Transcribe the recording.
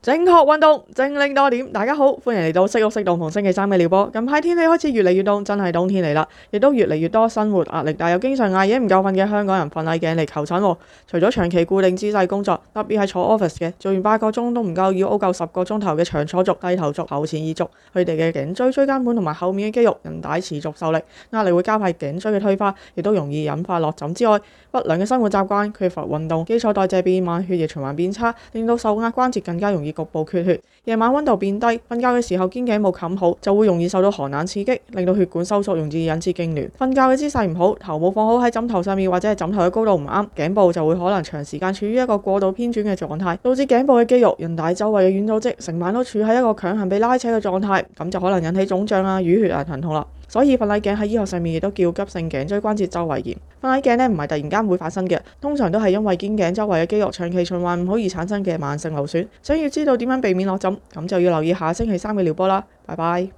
正確運動，精靈多點。大家好，歡迎嚟到識郁識動逢星期三嘅療播。近排天氣開始越嚟越凍，真係冬天嚟啦，亦都越嚟越多生活壓力，但又經常捱夜唔夠瞓嘅香港人瞓捩頸嚟求診。除咗長期固定姿勢工作，特別係坐 office 嘅，做完八個鐘都唔夠，要熬夠十個鐘頭嘅長坐族、低頭族、頭前移族，佢哋嘅頸椎、椎間盤同埋後面嘅肌肉、韌帶持續受力，壓力會加快頸椎嘅退化，亦都容易引發落枕之外，不良嘅生活習慣、缺乏運動、基礎代謝變慢、血液循環變差，令到受壓關節更加容易，局部缺血，夜晚溫度變低，瞓覺嘅時候肩頸冇冚好，就會容易受到寒冷刺激，令到血管收縮，容易引致痙攣。瞓覺嘅姿勢唔好，頭冇放好喺枕頭上面，或者係枕頭嘅高度唔啱，頸部就會可能長時間處於一個過度偏轉嘅狀態，導致頸部嘅肌肉、人大周圍嘅軟組織、成晚都處喺一個強行被拉扯嘅狀態，咁就可能引起腫脹啊、淤血啊、疼痛啦。所以，瞓捩頸喺醫學上面亦都叫急性頸椎關節周圍炎。瞓捩頸呢，唔係突然間會發生嘅，通常都係因為肩頸周圍嘅肌肉長期循環唔好而產生嘅慢性勞損。想要知道點樣避免落枕，咁就要留意下星期三嘅療播啦。拜拜。